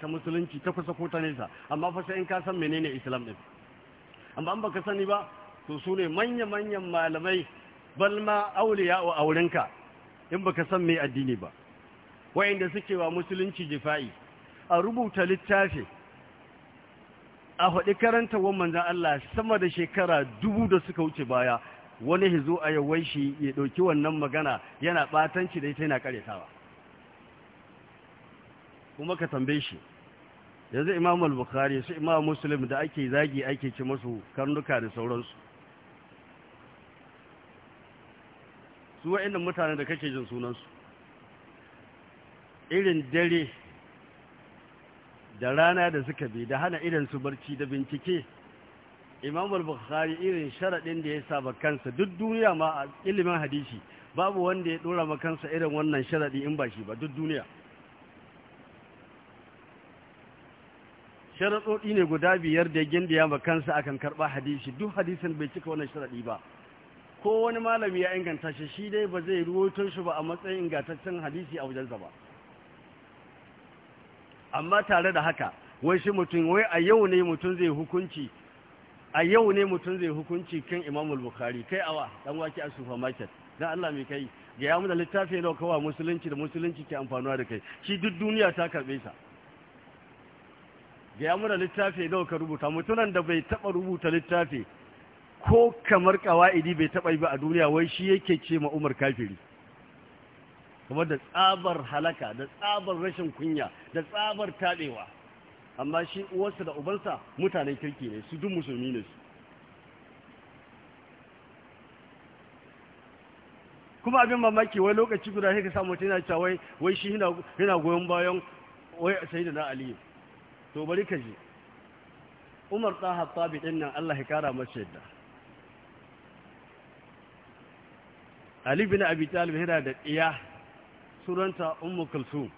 ta musulunci ta kusa ko ta nesa amma fasa in ka san menene islam din amma an baka sani ba to su ne manya-manyan malamai balma auliya wa aurenka in baka san mai addini ba wayanda suke wa musulunci jifa'i a rubuta littafi a faɗi karanta wa manzan Allah sama da shekara dubu da suka wuce baya wani hizo a yawai shi ya ɗauki wannan magana yana ɓatanci da ita yana ƙaretawa kuma ka tambaye shi yanzu imam al-bukhari su imam muslim da ake zagi ake ci masu karnuka da sauransu su wa'annan mutane da kake jin sunansu irin dare da rana da suka bi da hana irin su barci da bincike imam al-bukhari irin sharaɗin da ya saba kansa duk duniya ma a ilimin hadisi babu wanda ya ɗora makansa irin wannan sharaɗi in ba shi ba duk duniya sharaɗoɗi ne guda biyar da ya gindiya ba kansa a kan karɓa hadisi duk hadisin bai cika wannan sharaɗi ba ko wani malami ya inganta shi shi dai ba zai ruwaito shi ba a matsayin ingantaccen hadisi a wajensa ba amma tare da haka wai shi mutum wai a yau ne mutum zai hukunci a yau ne mutum zai hukunci kan imamul bukari kai awa dan wake a supermarket dan Allah mai kai ga ya mu da littafi da kawa musulunci da musulunci ke amfanuwa da kai shi duk duniya ta karbe sa ga muna littafi nawa ka rubuta mutunan da bai taba rubuta littafi ko kamar kawaidi bai taba yi ba a duniya wai shi yake ce ma Umar kafiri kuma da tsabar halaka da tsabar rashin kunya da tsabar tadewa amma shi uwarsa da ubansa mutanen kirki ne su duk musulmi ne kuma abin mamaki wai lokaci guda sai ka samu mutum yana cewa wai shi yana goyon bayan wai na aliyu to bari ka ji umar ɗan hattabi ɗin nan Allah ya kara mace yadda Ali bin Abi Talib da ɗiya suranta umu kulsu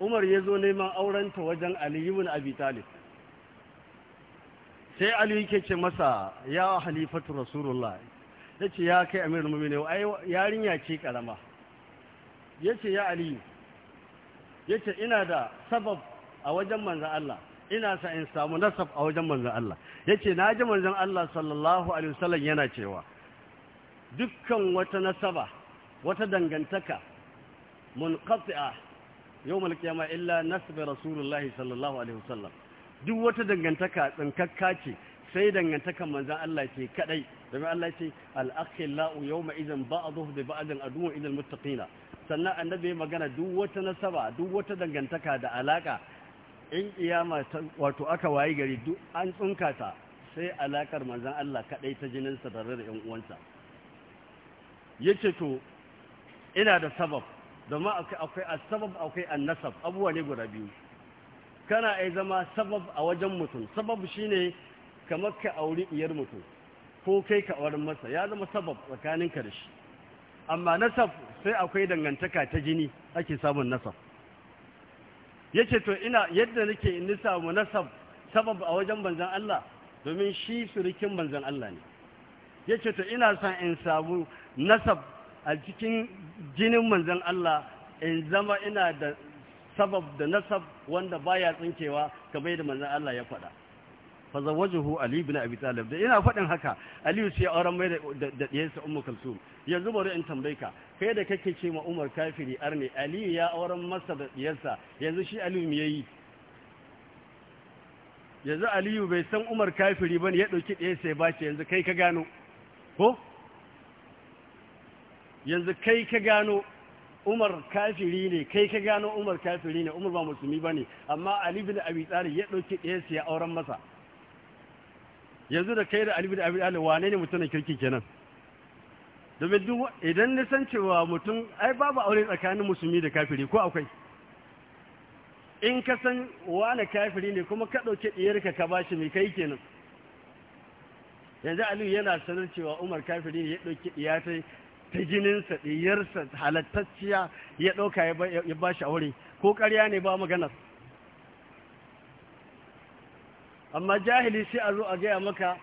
Umar ya zo neman aurenta wajen Ali na Abi Talib sai Ali yake ce masa ya halifatu Rasulullah yace ya kai amirul mu'minin yarinya ce karama yace ya aliyu. yace ina da sabab a wajen manzan Allah ina sa in samu nasab a wajen manzan Allah yace ji manzan Allah sallallahu alaihi wasallam yana cewa dukkan wata nasaba wata dangantaka munqati'a yawmal qiyama illa nasb rasulullahi sallallahu alaihi wasallam duk wata dangantaka tsinkakka ce sai dangantakan manzan Allah ce kadai domin Allah ce al-akhillau yawma idan ba'dhuhu bi ba'din aduwwu ila al-muttaqina sannan annabi magana duk wata nasaba duk wata dangantaka da alaka in kiyama wato aka wayi gari duk an tsunka ta sai alakar manzon Allah kadai ta jininsa tare da ƴan uwansa yace to ina da sabab domin akwai asbab akwai annasab abuwa ne guda biyu kana ai zama sabab a wajen mutum sabab shine kamar ka auri iyar mutum ko kai ka auren masa ya zama sabab tsakaninka da shi amma nasab sai akwai dangantaka ta jini ake samun nasab yace to ina yadda nake in samu nasab sabab a wajen banzan Allah domin shi surukin banzan Allah ne yace to ina son in samu nasab a cikin jinin manzan Allah in zama ina da sabab da nasab wanda baya tsinkewa kamar da manzan Allah ya faɗa fa ali ibn abi talib da ina faɗin haka Aliyu sai auren mai da diyarsa ummu kalsum yanzu bari in tambaye ka kai da kake ce ma umar kafiri arne aliyu ya auren masa da diyarsa yanzu shi aliyu me yi yanzu aliyu bai san umar kafiri ne ya ɗauki ɗaya sai ce yanzu kai ka gano ko yanzu kai ka gano umar kafiri ne kai ka gano umar kafiri ne umar ba musulmi ba ne amma alibi da abi tsari ya ɗauki ɗaya sai auren masa yanzu da kai da alibi da abi tsari wane ne mutumin kirki kenan domin duk idan nisan cewa mutum ai babu aure tsakanin musulmi da kafiri ko akwai in ka san wani kafiri ne kuma ka ɗauke ɗiyarka ka ba shi mai kai kenan yanzu aliyu yana sanar cewa umar kafiri ne ya ɗauki ɗiyata ta jininsa ɗiyarsa halattacciya ya ɗauka ya bashi aure ko ƙarya ne ba maganar amma jahili sai a zo a gaya maka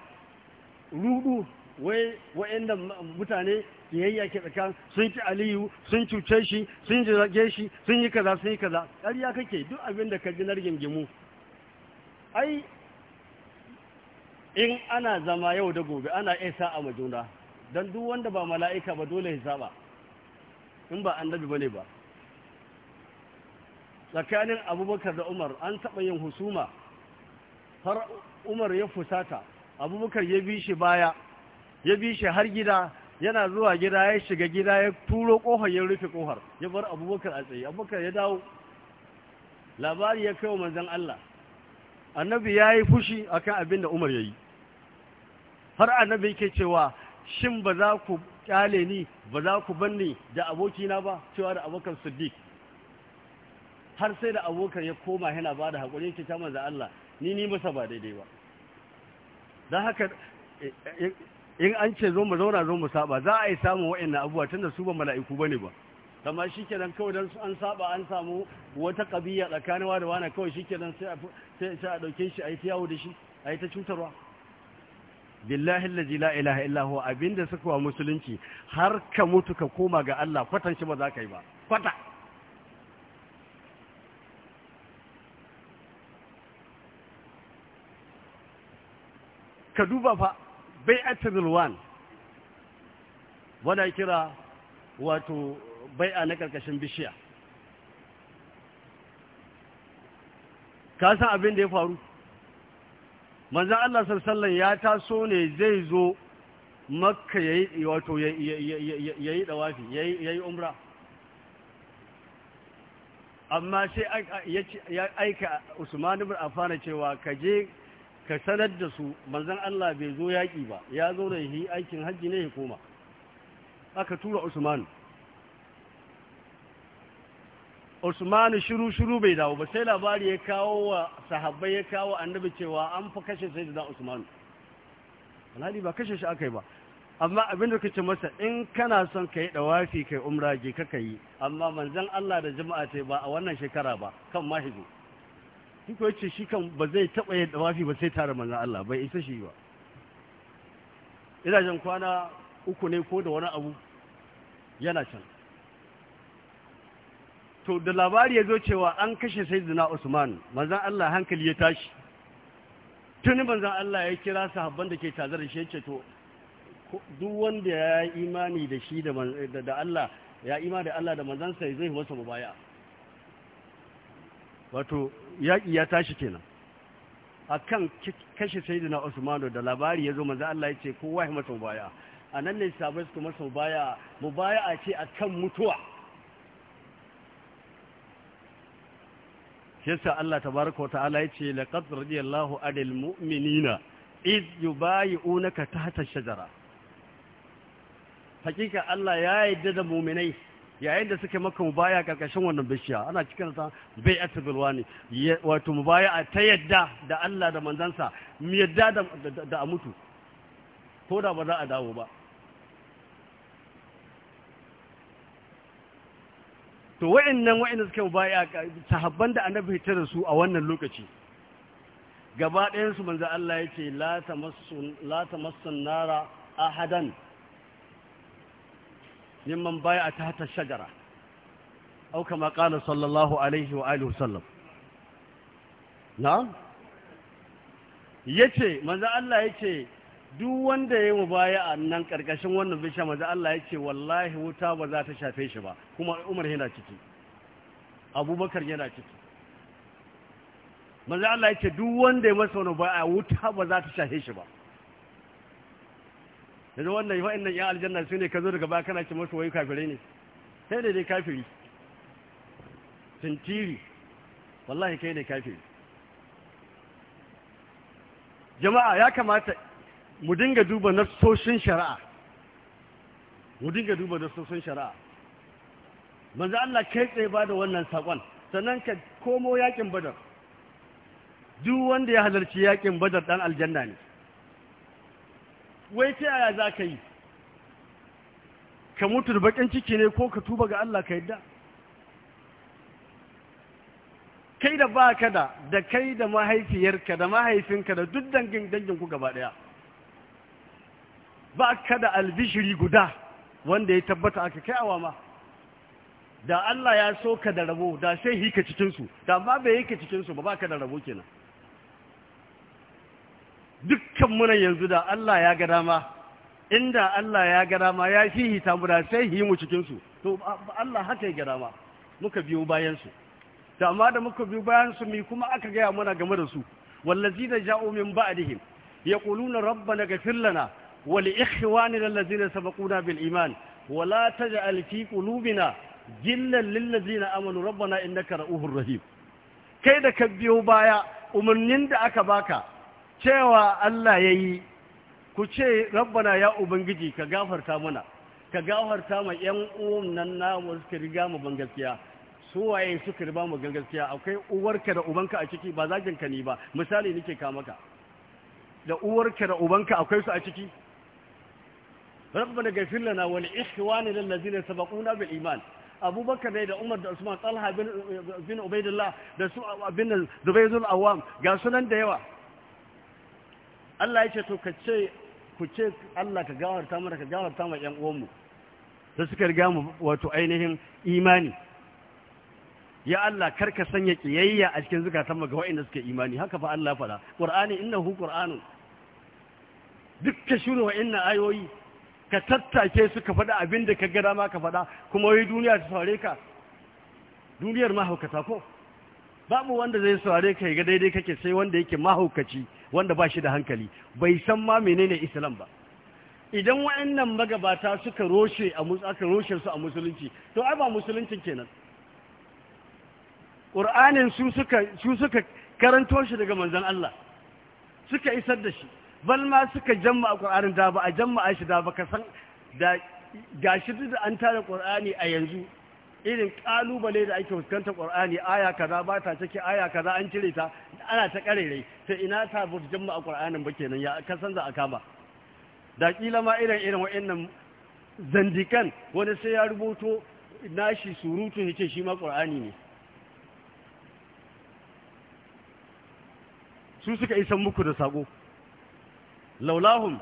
ruɗu. wai wa'inda mutane kiyayya ke tsakan sun ci aliyu sun cuce shi sun jirage shi sun yi kaza sun yi kaza ƙarya kake duk abin da ka ji na rigingimu ai in ana zama yau da gobe ana isa a majuna don duk wanda ba mala'ika ba dole hisaba in ba annabi bane ba tsakanin abubakar da umar an taɓa yin husuma har umar ya fusata abubakar ya bi shi baya ya bi shi har gida yana zuwa gida ya shiga gida ya turo kohar ya rufe kohar ya bar abubakar a tsaye abubakar ya dawo labari ya kai wa manzan Allah annabi ya yi fushi a kan abin da Umar ya yi har annabi ke cewa shin ba za ku kyale ni ba za ku banni da abokina ba cewa da abokan siddiq har sai da abokan ya koma yana ba da haƙuri yake ta manzan Allah ni ni masa ba daidai ba don haka in an ce zo mu zauna zo mu saba za a yi samun wa'annan abubuwa tunda su ba mala'iku bane ba kamar shikenan kawai dan an saba an samu wata kabiya tsakanin wa da wani kawai shikenan sai sai sai a dauke shi a yi ta yawo da shi a yi ta cutarwa billahi allazi la ilaha illa huwa abinda suka wa musulunci har ka mutu ka koma ga Allah kwatan shi ba za ka yi ba kwata ka duba fa bai atirulwan wadda kira wato bai'a na karkashin bishiya kasan abin da ya faru manzan Allah sarsallan ya taso ne zai zo makka ya yi dawafi ya yi umra amma sai ya aika usman bin afana cewa ka je ka sanar da su manzan Allah bai zo yaƙi ba ya zo da yi aikin hajji ne ya koma aka tura usmanu usmanu shiru-shiru bai dawo ba sai labari ya kawo wa sahabbai ya kawo annabi cewa an fi kashe sai da usmanu alhali ba kashe shi aka yi ba amma abin da kace masa in kana son ka yi wafi kai umra je ka yi amma manzan Allah da jama'a ce ba a wannan shekara ba kan mahiji shi yace shi kan ba zai taɓa yadda mafi ba sai tare manzan Allah bai isa shi ba ina kwana uku ne ko da wani abu yana can to da labari ya zo cewa an kashe sai zina usman manzan Allah hankali ya tashi tuni manzan Allah ya kira sahabban da ke tazar da shi ya ce to duk wanda ya imani da shi da Allah ya imani da Allah da manzansa zai masa mubaya wato yaƙi ya tashi kenan a kan kashe saidina usmanu da labari ya zo manzo Allah ya ce kowa ya masa baya a nan ne sabai su masa baya mu baya a ce a kan mutuwa yasa Allah tabaraka wa ta'ala ya ce laqad radiyallahu anil mu'minina iz yubayi'unaka tahta shajara hakika Allah ya yarda da mu'minai yayin da suke maka mubaya karkashin wannan bishiya ana cikin ta bai atabilwa ne wato mubaya a ta yadda da Allah da manzansa mu yadda da a mutu ko da ba za a dawo ba to wa'annan wa'anda suke mubaya sahabban da annabi ya da su a wannan lokaci gaba ɗayan su manzo Allah ya ce la tamassun la tamassun nara ahadan Nimman baya a ta shajara au kama qala sallallahu alaihi wa alihi sallam na'am yace manzo Allah yace duk wanda ya mu baya a nan karkashin wannan bisha manzo Allah yace wallahi wuta ba za ta shafe shi ba kuma Umar yana ciki Abubakar yana ciki manzo Allah yace duk wanda ya masa wani baya wuta ba za ta shafe shi ba yanzu wannan wa'annan yan aljanna su ne ka zo daga baya na ce masu wai kafirai ne sai da dai kafiri tuntiri wallahi kai ne kafiri jama'a ya kamata mu dinga duba na nassoshin shari'a mu dinga duba na nassoshin shari'a manzo Allah kai tsaye ba da wannan sakon sannan ka komo yakin badar duk wanda ya halarci yakin badar dan aljanna ne wai ta yaya za ka yi ka mutu da bakin ciki ne ko ka tuba ga Allah ka yadda kai da ba ka da da kai da mahaifiyarka da mahaifinka da duk dangin danginku gaba daya ba ka da albishiri guda wanda ya tabbata aka kai awa ma da Allah ya so ka da rabo da sai hika cikinsu da ba bai hika cikinsu ba ba ka da rabo kenan dukkan muna yanzu da Allah ya ga dama inda Allah ya ga dama ya fi hita mu da sai yi mu cikin su to Allah haka ya ga dama muka biyo bayan su to amma da muka biyo bayan su mi kuma aka gaya mana game da su wallazina ja'u min ba'dihim yaquluna rabbana ghfir lana wa li ikhwanina allazina sabaquna bil iman wa la taj'al fi qulubina gillan lil ladzina amanu rabbana innaka ra'ufur rahim kai da ka biyo baya umarnin da aka baka cewa Allah ya yi ku ce rabbana ya ubangiji ka gafarta mana ka gafarta ma yan uwan nan namu suka riga mu ban gaskiya su waye suka riba mu gaskiya akwai uwarka da ubanka a ciki ba zagin ka ne ba misali nake ka maka da uwarka da ubanka akwai su a ciki rabbana gafir lana wa ikhwani lil ladina sabaquna bil iman abubakar ne da umar da usman talha bin ubaidillah da su abin zubayzul awam ga sunan da yawa Allah ya ce to ka ce ku ce Allah ka gawarta mana ka gawarta ƴan uwanmu da suka riga mu wato ainihin imani ya Allah kar ka sanya kiyayya a cikin zukatan mu ga waɗanda suke imani haka fa Allah faɗa Qur'ani innahu Qur'anun duk ka wa inna ayoyi ka tattake su ka faɗa abin da ka ga dama ka faɗa kuma wai duniya ta saurare ka duniyar mahaukata ko babu wanda zai saurare ka ga daidai kake sai wanda yake mahaukaci wanda ba shi da hankali bai san ma menene islam ba idan wa'annan magabata suka roshe a aka roshe su a musulunci to ai ba musuluncin kenan qur'anin su suka su suka karanto shi daga manzon Allah suka isar da shi bal ma suka jamma qur'anin da ba a jamma shi da ba ka san da gashi da an tare qur'ani a yanzu irin kalubale da ake fuskantar ƙwar'ani aya kaza ba ta cike aya kaza an cire ta ana ta karere sai ina ta burjin mu a ƙwar'anin ba kenan ya kasan za a kama da ƙila ma irin irin wa'annan zandikan wani sai ya rubuto nashi surutu ce shi ma ƙwar'ani ne su suka isan muku da sako Laulahun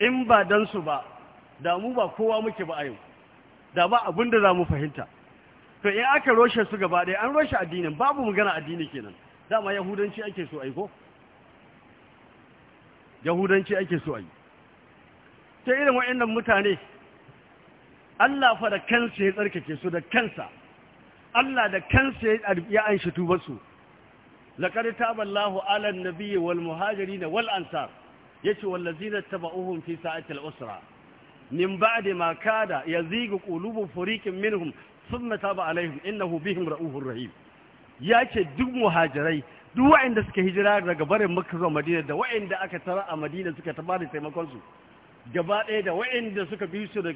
in ba don su ba da mu ba kowa muke ba a yau da ba abin da za mu fahimta to in aka roshe su gaba ɗaya an roshe addinin babu magana addini kenan dama yahudanci ake so aiko yahudanci ake so ayi ta irin wa'annan mutane Allah fa da kansa ya tsarkake su da kansa Allah da kansa ya anshi su laqad taballahu ala an-nabiyyi wal muhajirin wal ansar yace wallazina tabauhum fi sa'atil usra min ba'di ma kada yazigu qulubu furiqin minhum thumma taba alaihim innahu bihim ra'uhun rahim Ya ce duk muhajirai duk waɗanda suka hijira daga barin Makka zuwa Madina da waɗanda aka tara a Madina suka ta da taimakon su gaba ɗaya da waɗanda suka bi su da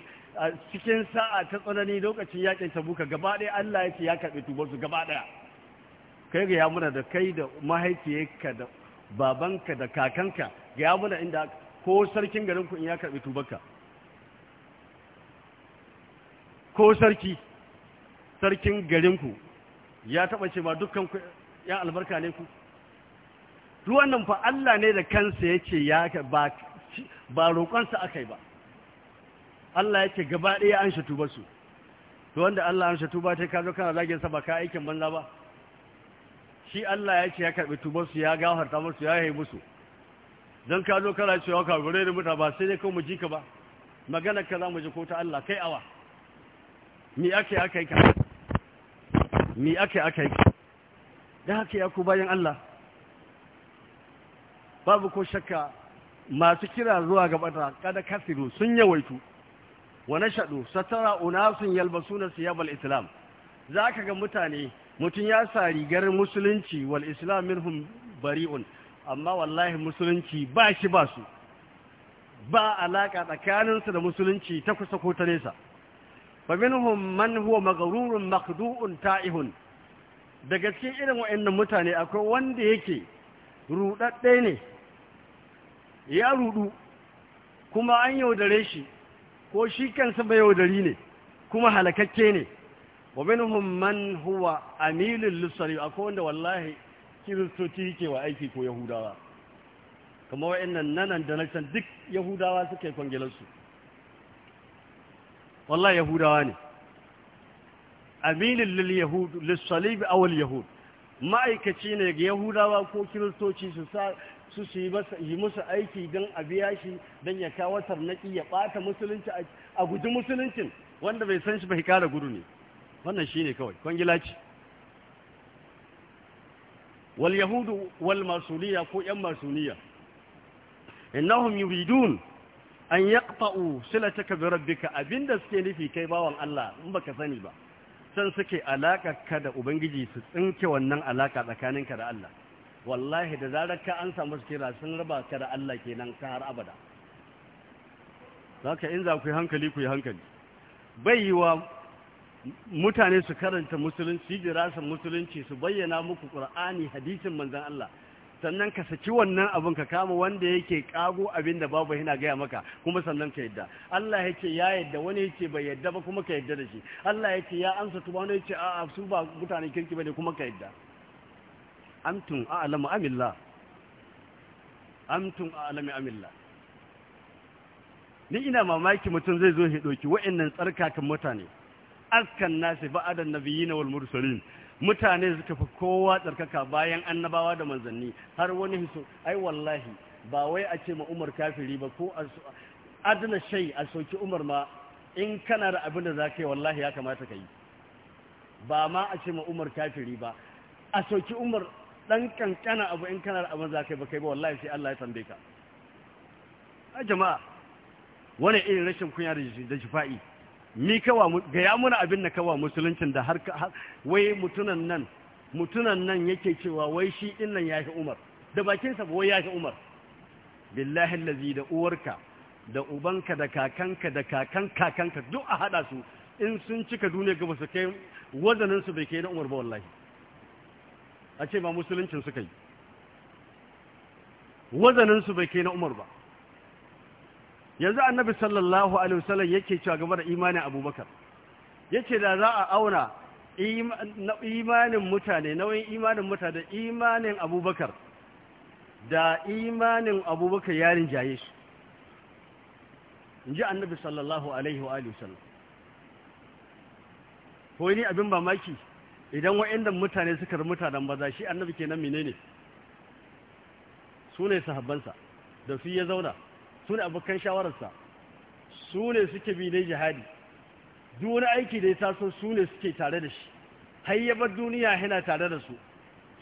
cikin sa'a ta tsanani lokacin yakin Tabuka gaba ɗaya Allah ya ce ya karɓi tubar su gaba ɗaya kai ga ya muna da kai da mahaifiyarka da babanka da kakanka ga ya muna inda ko sarkin garin ku in ya karɓi tubarka ko sarki sarkin garinku ya taɓa ce ba dukkan ya albarka ne ku ruwan nan fa Allah ne da kansa ya ce ya ba roƙonsa aka yi ba Allah ya ce gaba ɗaya an shatuba su to wanda Allah an sai ta zo kana zagin sa ba ka aikin banza ba shi Allah ya ce ya karɓi tubar su ya gafarta musu ya yi musu don ka zo kana cewa ka gure da mutu ba sai dai kawai mu ji ka ba magana ka za mu ji ko ta Allah kai awa mi ake aka yi ka mi ake aka yi da haka ya ku bayan Allah babu ko shakka masu kira zuwa ga bata kada kasiru sun yawaitu wa nashadu satara unasun yalbasuna siyabal islam zaka ga mutane mutum ya sa rigar musulunci wal islam minhum bari'un amma wallahi musulunci ba shi ba su ba alaka tsakaninsu da musulunci ta kusa ko ta nesa فمنهم من huwa مغرور makdu'un تائه daga cikin irin wa'annan mutane akwai wanda yake rudadde ne ya rudu kuma an yaudare shi ko shi kansa bai yaudari ne kuma halakakke ne wa minhum man huwa amilul lisari akwai wanda wallahi kiristoci yake wa aiki ko yahudawa kuma wa'annan nanan da nan duk yahudawa suka yi kwangilarsu والله yahudawa ne aminin lil yahud lis salib aw al ma'aikaci ne ga yahudawa ko kiristoci su sa su yi musu aiki don a biya shi don ya kawo tarnaki ya ɓata musulunci a guji musuluncin wanda bai san shi bai kara gudu ne wannan shi ne kawai kwangila wal yahudu wal masuliya ko yan masuniya innahum yuridun an yaqta'u silataka bi rabbika abinda suke nufi kai bawan Allah in baka sani ba san suke alaka ka da ubangiji su tsinke wannan alaƙa tsakaninka da Allah wallahi da zarar ka an samu kira sun raba ka da Allah kenan ka har abada zaka in za ku yi hankali ku yi hankali bai yi wa mutane su karanta musulunci jirasan musulunci su bayyana muku qur'ani hadisin manzon Allah sannan ka saki wannan abin ka kama wanda yake kago abin da babu yana gaya maka kuma sannan ka yadda Allah ya ce ya yadda wani ya ce bai yadda ba kuma ka yadda da shi Allah ya ce ya amsa tuba wani ya ce a'a su ba mutanen kirki ba ne kuma ka yadda a a'lamu amtun a a'lamu amillah ni ina mamaki mutum zai zo ya doki wa'annan tsarkakan mutane askan nasi ba'adan nabiyina wal mursalin mutane suka fi kowa tsarkaka bayan annabawa da manzanni har wani hiso ai wallahi ba wai a ce ma umar kafiri ba ko adana shai a soki umar ma in kana da abin da za ka yi wallahi ya kamata ka yi ba ma a ce ma umar kafiri ba a soki umar dan kankana abu in kana da abin za ka yi ba kai ba wallahi sai Allah ya tambe ka a jama'a wani irin rashin kunya da jifa'i Ni kawa gaya muna abin da kawa musuluncin da har wai mutunan nan mutunan nan yake cewa wai shi din nan yafi Umar da bakin sa wai yafi Umar billahi allazi da uwarka da ubanka da kakanka da kakan kakanka duk a hada su in sun cika duniya gaba su kai wazanin su bai kai na Umar ba wallahi a ce ba musuluncin suka yi wazanin su bai kai na Umar ba yanzu annabi sallallahu alaihi wasallam yake cewa game da imanin abubakar yace da za a auna imanin mutane nauyin imanin mutane da imanin abubakar da imanin abubakar yarin jaye shi inji annabi sallallahu alaihi wa alihi wasallam ko ni abin mamaki idan wa'annan mutane suka mutanen baza shi annabi kenan menene su ne sahabbansa da su ya zauna su ne abokan shawararsa su ne suke bi ne jihadi duk wani aiki da ya taso su ne suke tare da shi har duniya yana tare da su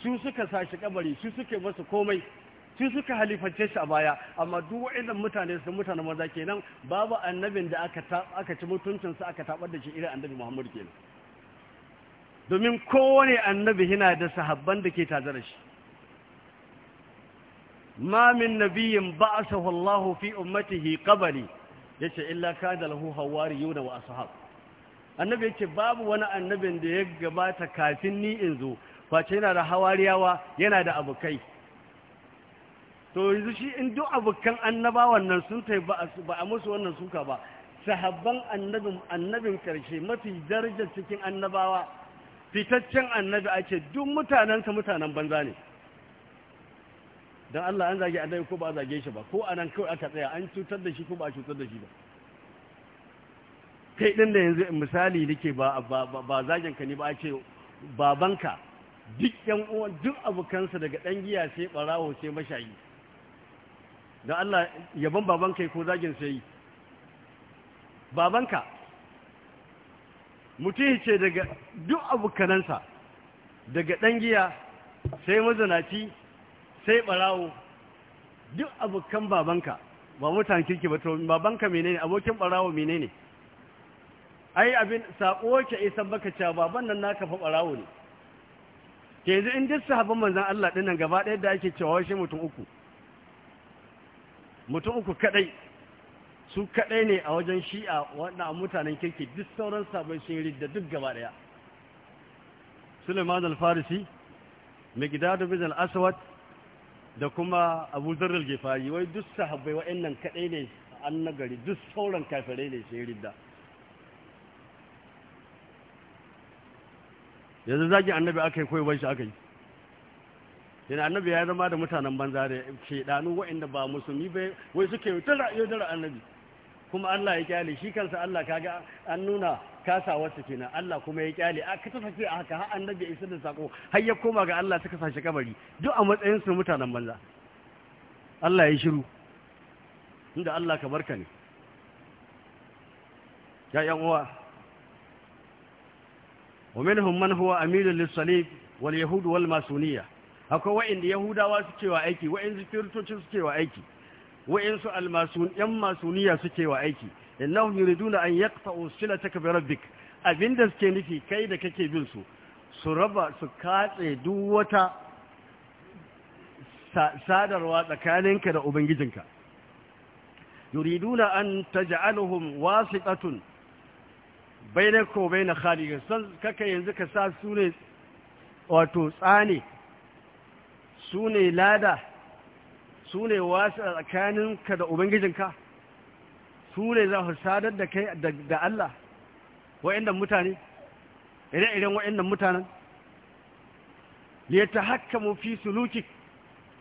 su suka sashi kamari su suke masa komai su suka halifance shi a baya amma duk waɗannan mutane su mutane maza kenan babu annabin da aka ci mutuncinsa aka tabar da shi irin annabi Muhammadu kenan domin kowane annabi yana da sahabban da ke tare da shi ma min nabiyyin ba'athahu Allahu fi ummatihi qabli yace illa kana lahu hawariyuna wa ashab annabi yace babu wani annabin da ya gabata kafin ni in zo face yana da hawariyawa yana da abokai to yanzu shi in duk abokan annabawan nan sun tai ba a musu wannan suka ba Sahaban annabin annabin karshe mafi darajar cikin annabawa fitaccen annabi ake duk mutanensa mutanen banza ne don Allah an zage annabi ko ba a zage shi ba ko anan kawai aka tsaya an cutar da shi ko ba a cutar da shi ba kai din da yanzu misali nake ba ba zagen ka ne ba a ce babanka duk yan uwan duk abokansa daga dan giya sai barawo sai mashayi don Allah yaban babanka ko zagen sai babanka mutum ce daga duk abokanansa daga dan giya sai mazanaci sai barawo duk abokan babanka ba mutan kirki ba to babanka menene abokin barawo menene ai abin sako ke isa baka cewa baban nan naka fa barawo ne ke yanzu in duk sahabban manzon Allah din nan gaba ɗaya da ake cewa shi mutum uku mutum uku kadai su kadai ne a wajen shi'a wanda mutanen kirki duk sauran sabon sun ridda duk gaba ɗaya Suleiman al-Farisi Migdad bin al-Aswad da kuma abu zarar gefari wai duk sahabbai wa'annan kaɗai ne an nagari duk sauran kafirai ne sai ridda yanzu zagi annabi aka yi koyi shi aka yi yana annabi ya zama da mutanen banza da shaidanu wa'anda ba musulmi bai wai suke yi tara annabi kuma Allah ya kyale shi kansa Allah kaga an nuna kasawarsa kenan Allah kuma ya kyale a ka tafi a haka har annabi isa da sako har ya koma ga Allah suka sashi kabari duk a matsayin su mutanen banza Allah ya shiru inda Allah ka barka ne ya yan uwa wa minhum man huwa amil lis-salib wal yahud wal masuniya akwai wa'inda yahudawa su cewa aiki su kiristocin su cewa aiki wa'insu almasun yan masuniya su cewa aiki innahum yuriduna an yaqta'u silataka bi rabbik abinda suke nufi kai da kake bin su su raba su katse duk wata sadarwa tsakaninka da ubangijinka yuriduna an taj'aluhum wasiqatun bainaka wa bain khaliqik san kaka yanzu ka sa su ne wato tsane su ne lada su ne wasu tsakaninka da ubangijinka su ne za su sadar da kai da Allah wa'annan mutane ire-iren wa'annan mutanen ta haka fi suluki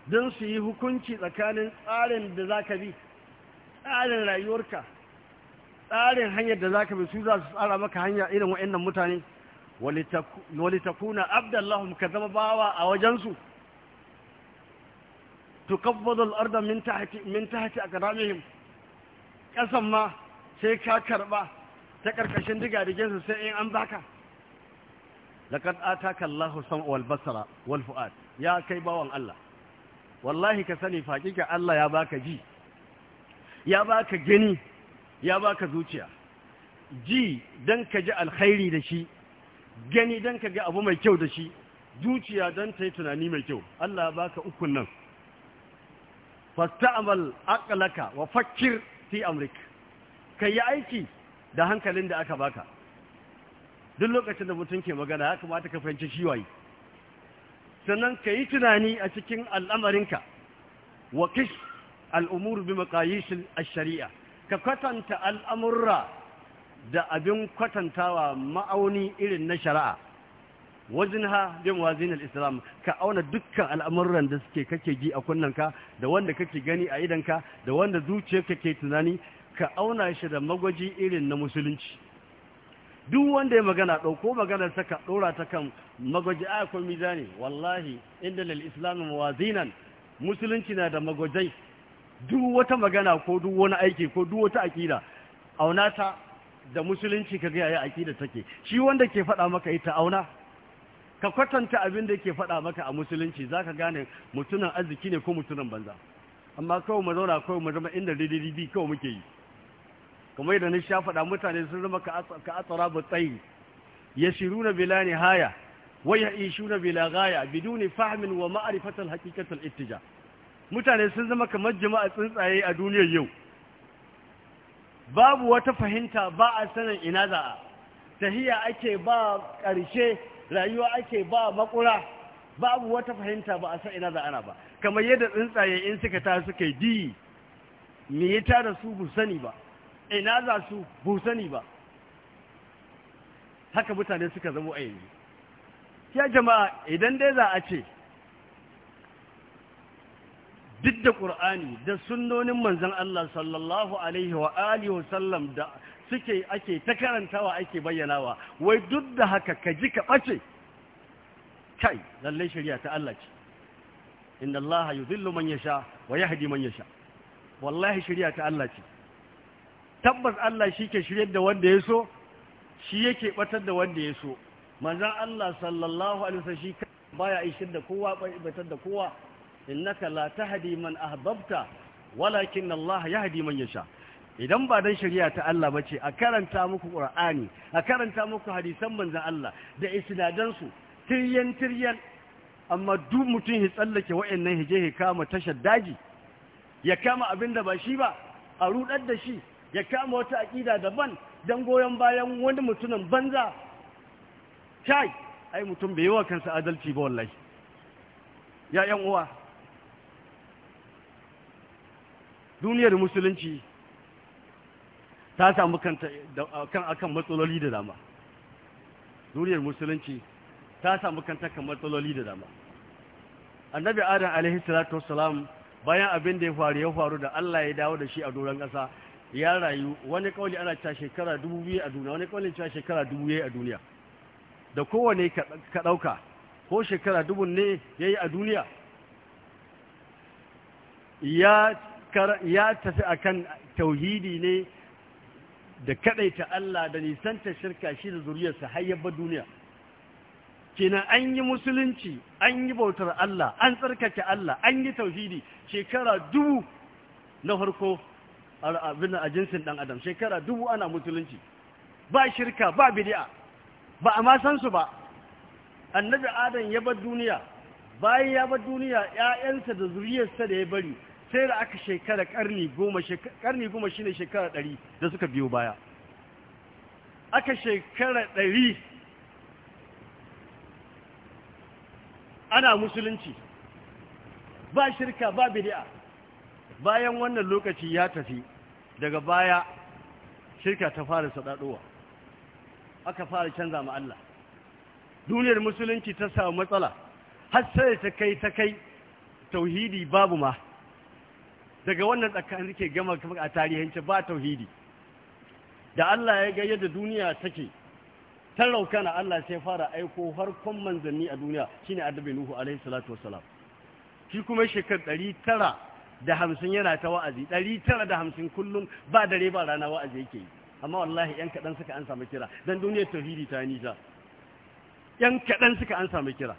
don su yi hukunci tsakanin tsarin da za ka bi tsarin rayuwarka tsarin hanyar da za ka bi su za su tsara maka hanya irin wa'annan mutane walitakuna abdallahum ka zama bawa a wajensu tukabbadul arda min ta min a akramihim ƙasan ma sai ka karɓa ta ƙarƙashin digadigensu sai in an baka laƙar ataka Allah san wal basara wal fu'ad ya kai bawan Allah wallahi ka sani faƙiƙa Allah ya baka ji ya baka gani ya baka zuciya ji don ka ji alkhairi da shi gani don ka ga abu mai kyau da shi zuciya don ta yi tunani mai kyau Allah ya baka ukun nan fasta'amal aqlaka wa fakkir fi ka yi aiki da hankalin da aka baka duk lokacin da mutum ke magana ya kamata ka fahimci shi waye sannan ka yi tunani a cikin al'amarinka wa kish al'umur bi a shari'a ka kwatanta al'amurra da abin kwatantawa ma'auni irin na shari'a wazinha bi mawazin islam ka auna dukkan al'amuran da suke kake ji a kunnanka da wanda kake gani a ka da wanda ka ke tunani ka auna shi da magwaji irin na musulunci duk wanda ya magana ɗauko maganar ta ka ɗora ta kan magwaji a akwai mizani wallahi inda lil islam musulunci na da magwajai duk wata magana ko duk wani aiki ko duk wata aƙida auna ta da musulunci ka ga yaya aƙida take shi wanda ke faɗa maka ita auna ka kwatanta abin da yake faɗa maka a musulunci za ka gane mutunan arziki ne ko mutunan banza amma kawai mu zauna kawai mu zama inda rididi kawai muke yi kamar da na sha faɗa mutane sun zama ka atsara ba tsayi ya shiru na bila haya wai ya ishu na bila gaya biduni fahmin wa ma'arifatal haqiqatul ittija mutane sun zama kamar jama'a tsuntsaye a duniyar yau babu wata fahimta ba a sanin ina za'a tahiya ake ba ƙarshe rayuwa ake ba makura babu wata fahimta ba a san ina za ana ba kamar yadda tsuntsaye in suka ta suka yi me ya tara su bu sani ba ina za su bu sani ba haka mutane suka zamo a yanzu ya jama'a idan dai za a ce duk da ƙur'ani da sunnonin manzan Allah sallallahu alaihi wa alihi sallam da suke ake ta karantawa ake bayyanawa wai duk da haka ka ji ka ɓace kai lallai shari'a ta Allah ce inna Allah ya yudhillu man yasha wa yahdi man yasha wallahi shari'a ta Allah ce tabbas Allah shi ke shiryar da wanda ya so shi yake batar da wanda ya so manzon Allah sallallahu alaihi wasallam shi baya ishir da kowa batar da kowa innaka la tahdi man ahbabta walakin Allah yahdi man yasha idan ba dan shari'a ta Allah bace a karanta muku Qur'ani a karanta muku hadisan manzon Allah da isnadan su tiryan tiryan amma duk mutum ya tsallake wayennan hije ya kama tashar daji ya kama abinda ba shi ba a rudar da shi ya kama wata aqida daban dan goyon bayan wani mutumin banza kai ai mutum bai yi kansa adalci ba wallahi ya yan uwa duniyar musulunci ta samu kanta kan akan matsaloli da dama zuriyar musulunci ta samu kanta kan matsaloli da dama annabi adam alaihi salatu wassalam bayan abin da ya faru ya faru da Allah ya dawo da shi a doron ƙasa ya rayu wani kauli ana cewa shekara dubu biyu a duniya wani kauli cewa shekara dubu biyu a duniya da kowane ka ɗauka ko shekara dubu ne ya yi a duniya ya tafi akan tauhidi ne da kadaita Allah da nisanta shirka shi da zuriyarsa har yabba duniya kenan an yi musulunci an yi bautar Allah an tsarkake Allah an yi tauhidi shekara dubu na farko abin a jinsin dan adam shekara dubu ana musulunci ba shirka ba bid'a ba a ma san su ba annabi adam ya bar duniya bayan ya bar duniya ƴaƴansa da zuriyarsa da ya bari sai da aka shekara karni goma karni goma shine shekara ɗari da suka biyo baya aka shekara ɗari ana musulunci ba shirka ba bidi'a bayan wannan lokaci ya tafi daga baya shirka ta fara sadadowa aka fara canza ma Allah duniyar musulunci ta samu matsala har sai ta kai ta kai tauhidi babu ma daga wannan tsakanin suke gama a tarihance ba tauhidi da Allah ya ga yadda duniya take tan raukana Allah sai fara aiko farkon manzanni a duniya shine annabi Nuhu alaihi salatu wassalam shi kuma shekar 950 da hamsin yana ta wa'azi 950 da hamsin kullum ba dare ba rana wa'azi yake yi amma wallahi yan kaɗan suka an samu kira don duniyar tauhidi ta nisa yan kaɗan suka an samu kira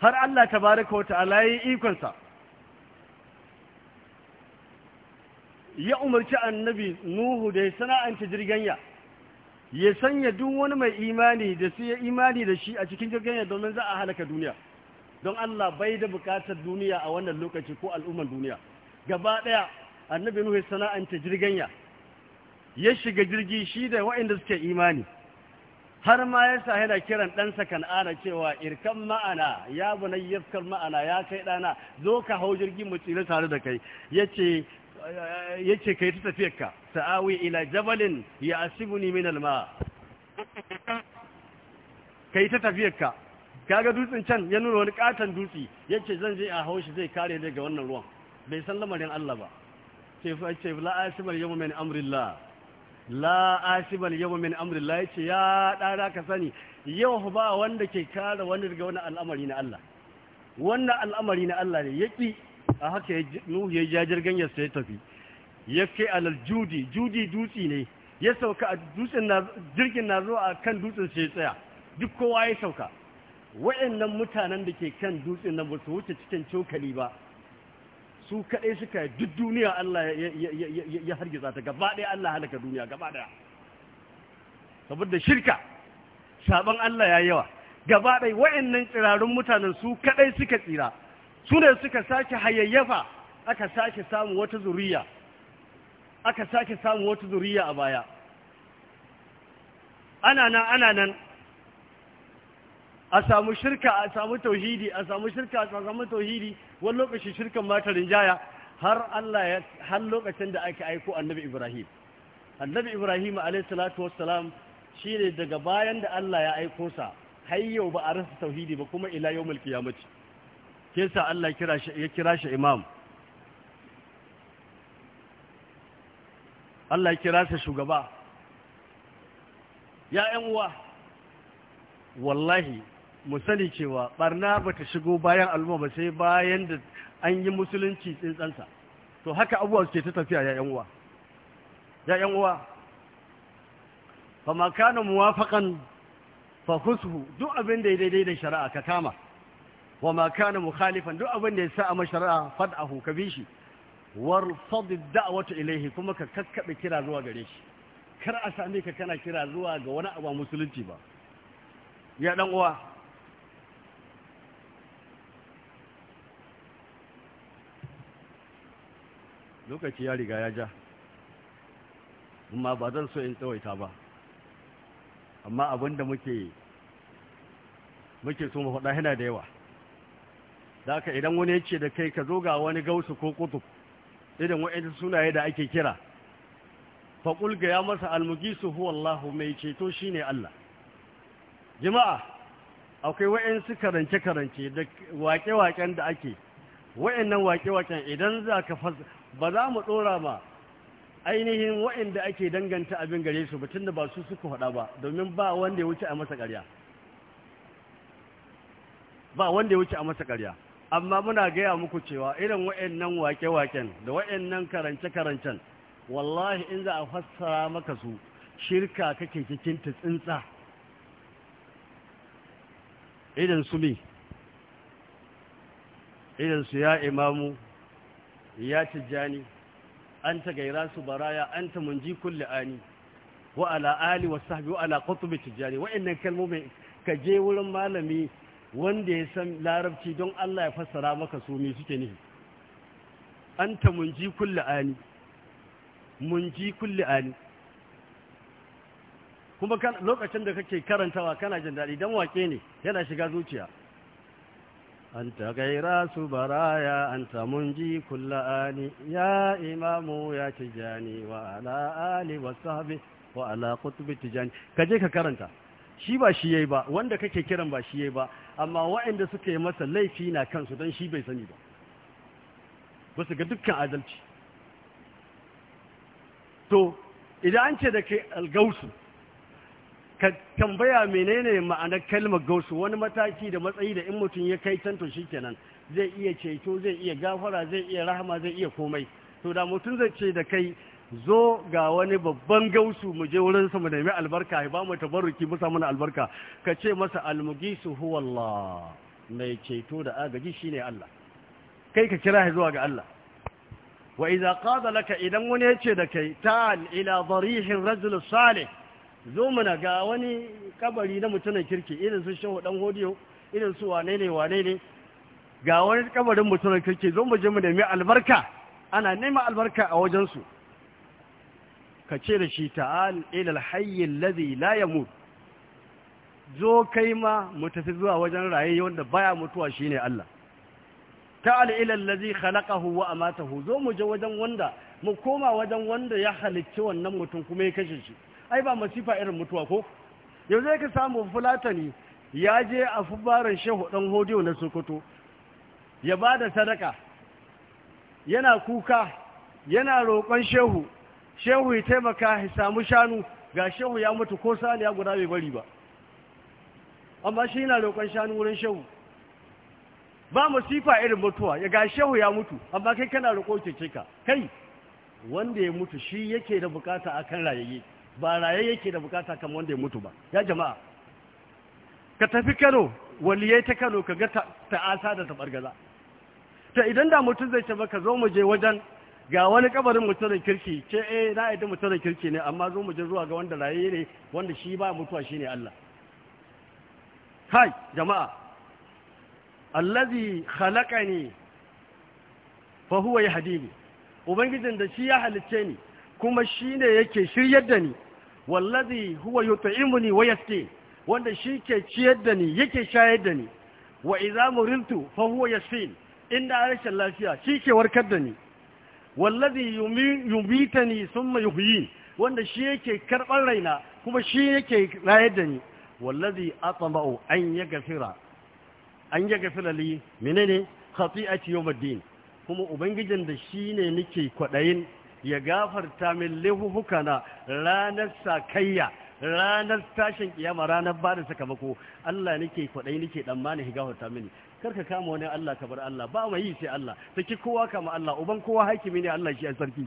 har Allah tabaraka wa ta'ala yi ikonsa ya umarci annabi nuhu da ya sana'anci jirganya ya sanya duk wani mai imani da su ya imani da shi a cikin jirganya domin za a halaka duniya don Allah bai da bukatar duniya a wannan lokaci ko al'umman duniya gaba ɗaya annabi nuhu ya sana'anci jirganya ya shiga jirgi shi da waɗanda suke imani har ma ya sa yana kiran ɗansa kan'ana cewa irkan ma'ana ya yi yafkar ma'ana ya kai ɗana zo ka hau jirgin mu tsira tare da kai ya ce yace kai ta tafiyar ka sa'awi ila jabalin ya asibuni min alma kai ta tafiyar ka kaga dutsen can ya nuna wani katon dutse yace zan je a haushi zai kare daga wannan ruwan bai san lamarin Allah ba ce fa ce la asibal yawma min amrillah la asibal yawma min amrillah yace ya dara ka sani yau ba wanda ke kare wani daga wani al'amari na Allah wannan al'amari na Allah ne yaki a haka nuhu ya ja jirgin ya sai tafi ya kai alal judi judi dutsi ne ya sauka a dutsen jirgin na zuwa a kan dutsen sai tsaya duk kowa ya sauka waɗannan mutanen da ke kan dutsen nan ba su wuce cikin cokali ba su kaɗai suka duk duniya Allah ya hargitsa ta gaba ɗaya Allah halaka duniya gaba ɗaya saboda shirka saban Allah ya yawa gaba ɗaya waɗannan tsirarun mutanen su kaɗai suka tsira su ne suka sake hayayyafa aka sake samun wata zuriya aka sake samun wata zuriya a baya ana nan ana nan a samu shirka a samu tauhidi a samu shirka a samu tauhidi wani lokaci shirkan mata rinjaya har Allah ya har lokacin da aka aiko annabi Ibrahim annabi Ibrahim alayhi salatu wassalam shine daga bayan da Allah ya aiko sa har yau ba a rasa tauhidi ba kuma ila yawmul qiyamati ke sa Allah ya kira shi imam Allah ya kira shi shugaba ya uwa wallahi mu sani cewa barna bata shigo bayan al'umma ba sai bayan da an yi musulunci tsintsansa to haka abubuwa suke ta tafiya ya ‘yan uwa ya ‘yan uwa fa makana muwafaƙan fa duk abin da ya daidai da shari'a ka kama wa ma kana mukhalifan duk abin da ya sa a mashari'a fad'ahu ka bi shi War warfad da'watu ilayhi kuma ka kakkabe kira zuwa gare shi kar a sami ka kana kira zuwa ga wani abu musulunci ba ya dan uwa lokaci ya riga ya ja amma ba zan so in tsawaita ba amma abinda muke muke so mu faɗa yana da yawa da ka idan wani ya ce da kai ka zo ga wani gausu ko kutub idan wa'yansu sunaye da ake kira faƙul ga ya masa almugisu huwa Allah mai ceto shi ne Allah jima'a akwai wa'yansu karance-karance da waƙe-waƙen da ake wa'yannan waƙe-waƙen idan za ka fasa ba za mu ɗora ba ainihin wa'yanda ake danganta abin gare su batun da ba su suka faɗa ba domin ba wanda ya wuce a masa ƙarya ba wanda ya wuce a masa ƙarya amma muna gaya muku cewa irin wa'annan wake-waken da wa'annan karance-karancen wallahi in za a fassara maka su shirka kake cikin ta tsinsa idan su me idan su ya imamu ya tijjani an ta gaira su baraya an ta munji kulle ani wa ala ali wa sahbi wa ala qutbi tijjani wa'annan kalmomin ka je wurin malami wanda ya san larabci don Allah ya fassara maka su ne suke nufi ta munji kulli ani munji kulli ani kuma lokacin da kake karantawa kana jin daɗi dan wake ne yana shiga zuciya anta gaira su baraya anta munji ani ya imamu ya tijani wa ala ali wa sahbi wa ala qutbi tijani kaje ka karanta shi ba shi yayi ba wanda kake kiran ba shi yayi ba amma waɗanda suka yi masa laifi na kansu don shi bai sani ba ba su ga dukkan adalci to idan an ce da ke algausu ka tambaya menene ma'anar kalmar gausu wani mataki da matsayi da in mutum ya kai can shikenan kenan zai iya ceto zai iya gafara zai iya rahama zai iya komai to da mutum zai ce da kai zo ga wani babban gausu mu je wurin sa mu nemi albarka ya ba mu tabarruki mu samu albarka ka ce masa almugisu huwa Allah mai ceto da agaji shine Allah kai ka kira shi zuwa ga Allah wa idza qada laka idan wani ya ce da kai ta'al ila darihin rajul salih zo mu ga wani kabari na mutunan kirki irin su shehu dan hodiyo irin su wane ne wane ne ga wani kabarin mutunan kirki zo mu je mu nemi albarka ana nema albarka a wajensu su ka ce da shi ta'al ilal hayyin lazi la ya mutu zo kai ma mu tafi zuwa wajen raye wanda baya mutuwa shi ne Allah ta'al ilal lazi khalaqahu wa amatahu zo mu je wajen wanda mu koma wajen wanda ya halicci wannan mutum kuma ya kashe shi ai ba masifa irin mutuwa ko yau zai ka samu fulatani ya je a fubaran shehu ɗan hodiyo na Sokoto ya ba da sadaka yana kuka yana roƙon shehu shehu ya taimaka ya samu shanu ga shehu ya mutu ko Sani ya guda bai bari ba amma shi yana roƙon shanu wurin shehu ba masifa irin mutuwa ya ga shehu ya mutu amma kai kana roƙo cece ka kai wanda ya mutu shi yake da bukata akan rayayye ba raye yake da bukata kan wanda ya mutu ba ya jama'a ka tafi Kano waliyai ta Kano ka ga ta'asa da tabargaza ta idan da mutum zai ce ka zo mu je wajen ga wani kabarin mutumin kirki ce eh na yadda mutumin kirki ne amma zo mu je zuwa ga wanda raye ne wanda shi ba mutuwa shine Allah kai jama'a allazi khalaqani fa huwa yahdini ubangijin da shi ya halicce ni kuma shine yake shiryar da ni wallazi huwa yut'imuni wa yasqi wanda shi ke ciyar da ni yake shayar da ni wa idza muriltu fa huwa yasfin inda rashin lafiya shi ke warkar da ni wallazi yumitani summa yuhyi wanda shi yake karban raina kuma shi yake rayar da ni wallazi atma'u an yaghfira an yaghfira li menene khati'ati yawmiddin kuma ubangijin da shine nake kwadayin ya gafarta min na ranar sakayya ranar tashin kiyama ranar ba da sakamako Allah nake kwadai nake dan ma ne gafarta mini karka kama wani Allah ka bar Allah ba mai yi sai Allah saki kowa kama Allah uban kowa hakimi ne Allah shi a sarki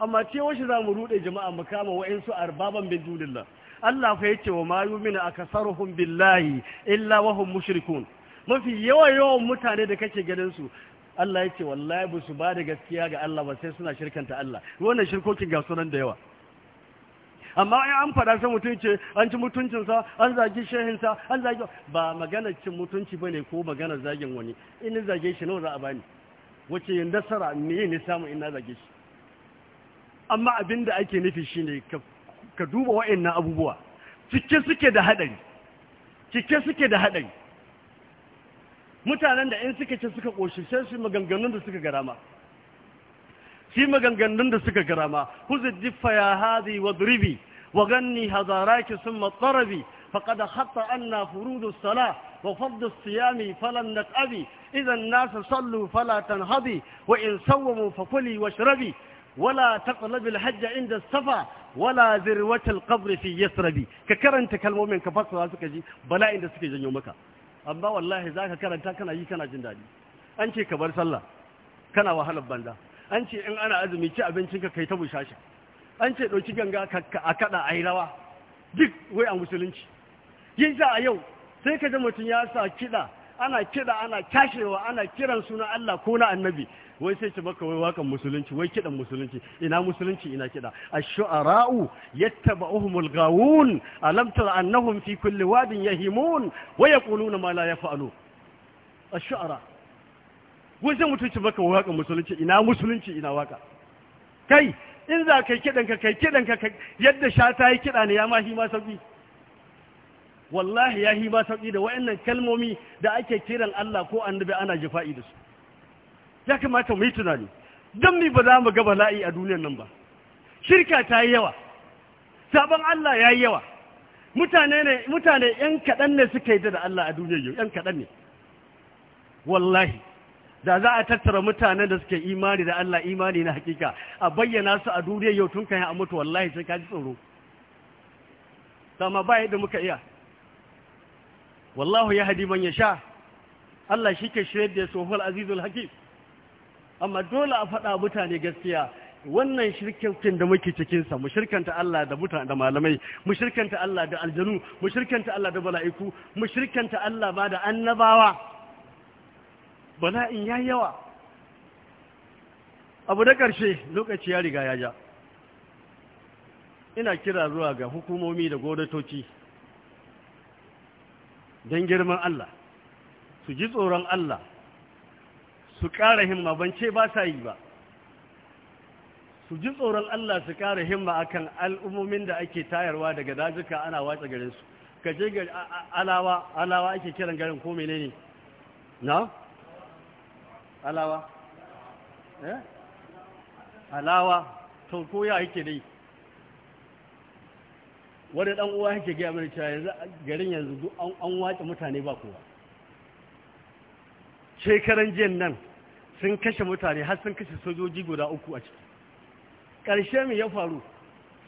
amma ce washi za mu rude jama'a mu kama wa'insu arbaban bin dunillah Allah fa yace wa ma akasaruhum billahi illa wa mushrikun mafi yawan yawan mutane da kake ganin su Allah yace wallahi ba su ba da gaskiya ga Allah ba sai suna shirkanta Allah wannan shirkokin ga sunan da yawa amma in an fada sai mutum ce an ci mutuncinsa an zagi shehinsa an zagi ba magana cin mutunci ba ne ko magana zagin wani in ni zage shi nawa za a bani wace yin nasara me ne samu in na zage shi amma abin da ake nufi shine ka duba wa'annan abubuwa cike suke da haɗari cike suke da haɗari mutanen da in suka ce suka ƙoshi sai su maganganun da suka garama shi maganganun da suka garama ku zidifa ya hadi wa duribi wa ganni hazaraki sun matsarabi faƙada hatta an na furudu sala wa fadda siyami falan na ƙabi idan nasa sallu falatan hadi wa in sawwamu fakuli wa shirabi wala ta ƙalabil hajja inda safa wala zirwatar ƙabri ka karanta kalmomin ka fasa suka ji bala'in da suke janyo maka amma wallahi za ka karanta kana yi kana jin daɗi an ce ka bar sallah kana wahalar banza an ce in ana azumi ci abincin ka kai ta bushasha an ce ɗauki ganga a kaɗa a yi rawa duk wai a musulunci yin za a yau sai ka ji mutum ya sa kiɗa ana kiɗa ana cashewa ana kiran suna Allah ko na annabi wai sai ci maka wai wakan musulunci wai kiɗan musulunci ina musulunci ina kiɗa ash-shu'ara'u yattaba'uhumul alam tara annahum fi kulli wadin yahimun wa yaquluna ma la ash-shu'ara' wajen mutunci baka waka musulunci ina musulunci ina waka kai in za kai kidan ka kai kidan ka yadda shata yi kida ne ya ma hima sauki wallahi ya hima sauki da wayannan kalmomi da ake kiran Allah ko annabi ana jifa'i da su ya kamata mu yi tunani dan mi ba za mu ga bala'i a duniyar nan ba shirka ta yi yawa sabon Allah ya yi yawa mutane ne mutane yan kaɗan ne suka yi da Allah a duniyar yau yan kaɗan ne wallahi da za a tattara mutanen da suke imani da Allah imani na hakika a bayyana su a duniya yau tun kan a mutu wallahi sai ka ji tsoro sama ba yadda muka iya wallahu ya hadi man yasha Allah shi ke shirye da sohul azizul hakim amma dole a faɗa mutane gaskiya wannan shirkin da muke cikinsa mu shirkanta Allah da mutane da malamai mu shirkanta Allah da aljanu mu shirkanta Allah da bala'iku, mu shirkanta Allah ba da annabawa in ya yawa abu da ƙarshe lokaci ya riga ya ja ina kira zuwa ga hukumomi da godatoci don girman Allah su ji tsoron Allah su ƙara himma ban ce ba sa yi ba su ji tsoron Allah su ƙara himma akan al'ummomin da ake tayarwa daga dajika ana watsa garinsu ka je ga alawa ake kiran garin ko menene na alawa eh alawa to ko ya yake dai wani dan uwa yake gaya mana cewa yanzu garin yanzu an wace mutane ba kowa shekaran jiyan nan sun kashe mutane har sun kashe sojoji guda uku a ciki ƙarshe mai ya faru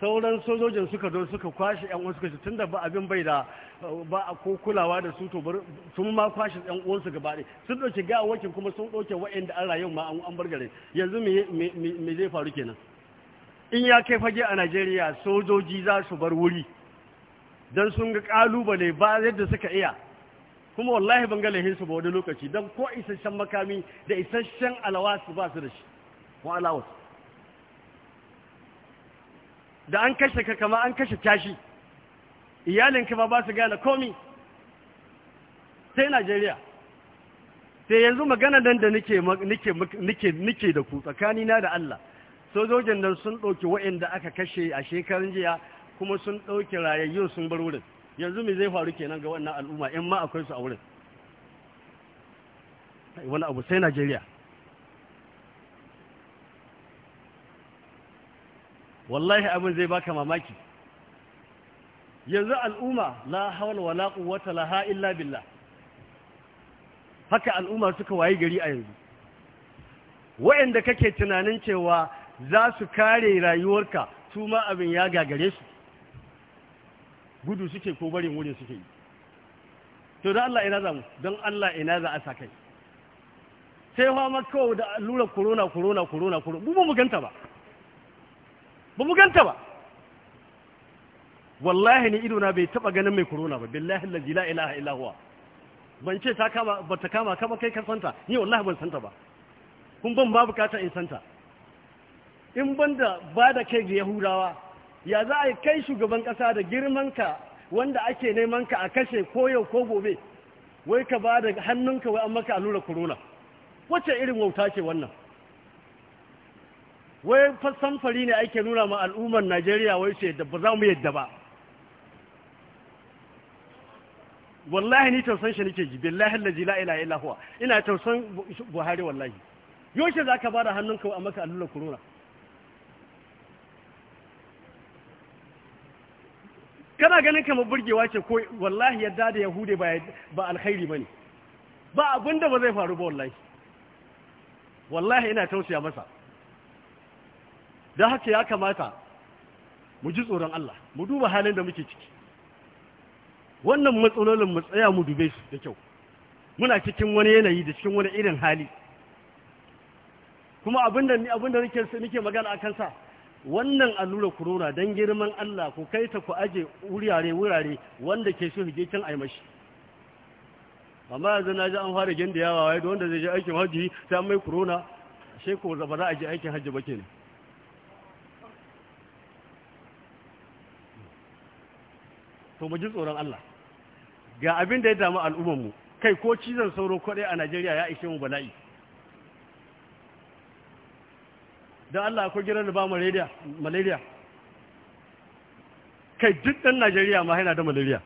sauran sojojin suka zo suka kwashe yan uwansu kashi tunda ba abin bai da ba ko kulawa da su to sun ma kwashe yan uwansu gaba ɗaya sun ɗauke gawawakin kuma sun ɗauke wa'anda an rayu ma an bargare yanzu me zai faru kenan in ya kai fage a Najeriya sojoji za su bar wuri don sun ga kalubale ba yadda suka iya kuma wallahi ban ga su ba wani lokaci don ko isasshen makami da isasshen alawasu ba su da shi wa alawasu da an kashe ka kama an kashe tashi iyalinka ba ba su gane komi sai najeriya sai yanzu magana nan da nike da ku tsakanina da allah sojojin nan sun ɗauki wa'inda aka kashe a shekarun jiya kuma sun ɗauki rayayyun sun bar wurin yanzu me zai faru kenan ga wannan al'umma in ma akwai su a wurin wani abu sai najeriya wallahi abin zai baka mamaki yanzu al'umma la hawla wala quwwata laha illa billah haka al'umma suka wayi gari a yanzu wa'anda kake tunanin cewa za su kare rayuwarka su ma abin ya gagare su gudu suke ko barin wurin suke yi to don Allah ina za mu don Allah ina za a sa kai sai ma kawai da lura corona corona corona corona mu ba mu ganta ba ba mu ganta ba wallahi ni ido na bai taba ganin mai corona ba billahi allazi la ilaha illa ban ce ta kama ba ta kama kama kai ka santa ni wallahi ban santa ba kun ban babu kata in santa in banda ba da kai ga yahudawa ya za a yi kai shugaban kasa da girman ka wanda ake neman ka a kashe koyau ko gobe wai ka ba da hannunka wai an maka allura corona wacce irin wauta ce wannan wai samfari ne ake nuna ma al'ummar najeriya wai su yadda ba za mu yadda ba wallahi ni tausan shi nake ji billahi allazi la ilaha illa huwa ina tausan buhari wallahi za ka ba da hannunka a maka allurar corona kana ganin kamar burgewa ce ko wallahi yadda da yahude ba ba alkhairi bane ba abinda ba zai faru ba wallahi wallahi ina tausaya masa don haka ya kamata mu ji tsoron Allah mu duba halin da muke ciki wannan matsalolin mu tsaya mu dube su da kyau muna cikin wani yanayi da cikin wani irin hali kuma abinda ni abinda nake nake magana akan sa wannan allura korona dan girman Allah ku kai ta ku aje wurare wurare wanda ke so hige kin aimashi amma yanzu na ji an fara gindi yawa wai wanda zai je aikin haji sai mai kurona sai ko zaba za a je aikin haji ba kenan to mu ji tsoron Allah ga abin da ya damu mu kai ko cizon sauro kwaɗai a Najeriya ya ishe mu bala'i don Allah akwai gidan da ba malaria kai duk ɗan Najeriya ma yana da malaria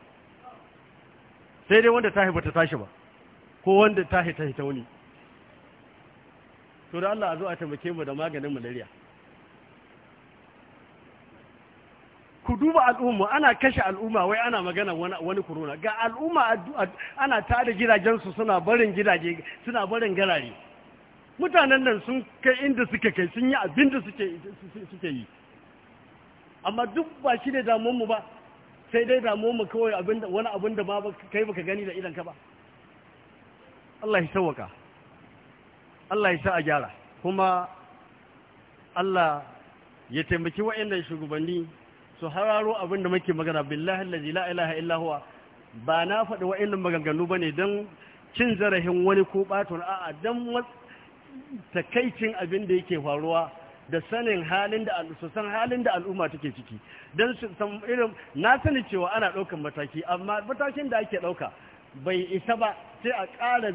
sai dai wanda tahi bata tashi ba ko wanda tahi tahi ta wani to da Allah a zo a tambake mu da maganin malaria ku duba al'umma ana kashe al'umma wai ana magana wani kuruna ga al'umma ana tada gidajensu suna barin gidaje suna barin garare mutanen nan sun kai inda suka kai sun yi abin da suke yi amma duk ba shi ne damuwanmu ba sai dai damuwanmu kawai wani abin da ba kai baka gani da idanka ba Allah ya sauwaka Allah ya sa a gyara kuma Allah ya taimaki waɗannan shugabanni su hararo abin da muke magana billahi allazi la ilaha illa huwa ba na faɗi wa'annan maganganu bane dan cin zarafin wani ko batun a'a dan takaicin abin da yake faruwa da sanin halin da su san halin da al'umma take ciki dan su san irin na sani cewa ana ɗaukan mataki amma matakin da ake ɗauka bai isa ba sai a ƙara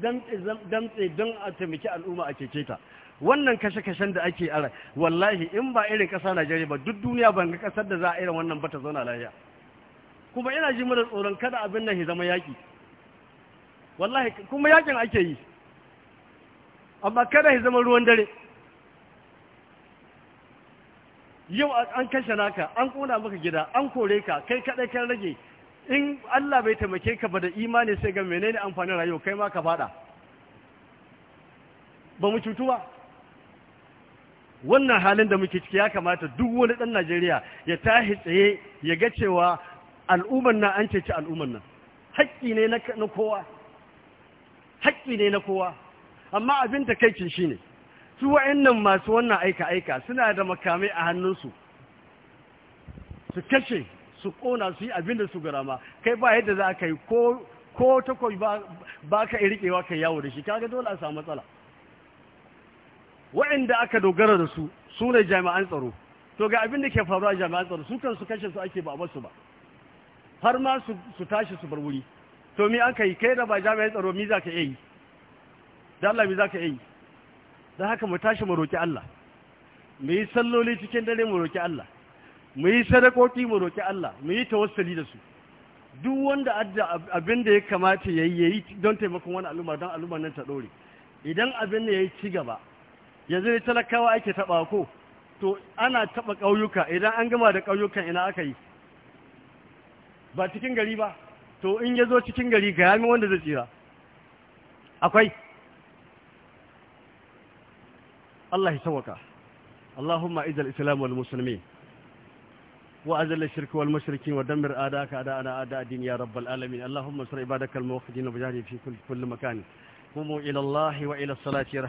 damtse don a taimaki al'umma a cece ta wannan kashe-kashen da ake ara wallahi in ba irin ƙasa Najeriya ba duk duniya ban ga ƙasar da za a irin wannan ba ta zauna lafiya kuma ina ji mara tsoron kada abin nan ya zama yaƙi wallahi kuma yaƙin ake yi amma kada ya zama ruwan dare yau an kashe naka an ƙona maka gida an kore ka kai kaɗai kan rage in Allah bai taimake ka ba da imani sai ga menene amfanin rayuwa kai ma ka faɗa ba mu cutu ba wannan halin da muke ciki ya kamata duk wani ɗan Najeriya ya tahi tsaye ya ga cewa al'umman nan an ceci al'umman nan haƙƙi ne na kowa haƙƙi ne na kowa amma abin takaicin shine su wa'annan masu wannan aika aika suna da makamai a hannunsu su kashe su ƙona su yi abin da su garama kai ba yadda za ka yi ko takwai ba ka riƙewa kai yawo da shi kaga dole a samu matsala Waɗanda aka dogara da su su ne jami'an tsaro to ga abin da ke faruwa jami'an tsaro su kan su kashe su ake ba a basu ba har ma su tashi su bar wuri to mi an kai kai da ba jami'an tsaro mi za ka yi da Allah mi za ka yi don haka mu tashi mu roƙi Allah mu yi salloli cikin dare mu roƙi Allah mu yi sadakoki mu roƙi Allah mu yi tawassuli da su duk wanda adda abin da ya kamata ya yi don taimakon wani al'umma don al'umma nan ta ɗore idan abin ne ya ci gaba yanzu ne talakawa ake taɓa ko to ana taɓa ƙauyuka idan an gama da ƙauyukan ina aka yi ba cikin gari ba to in ya zo cikin gari ga wanda zai tsira akwai Allahumma izal islam wal musulmi wa azal shirk wal wa damir adaka ada ana ada din ya rabbal alamin Allahumma sir ibadakal muwahhidin wa fi kulli makan qumu ila Allah wa ila salati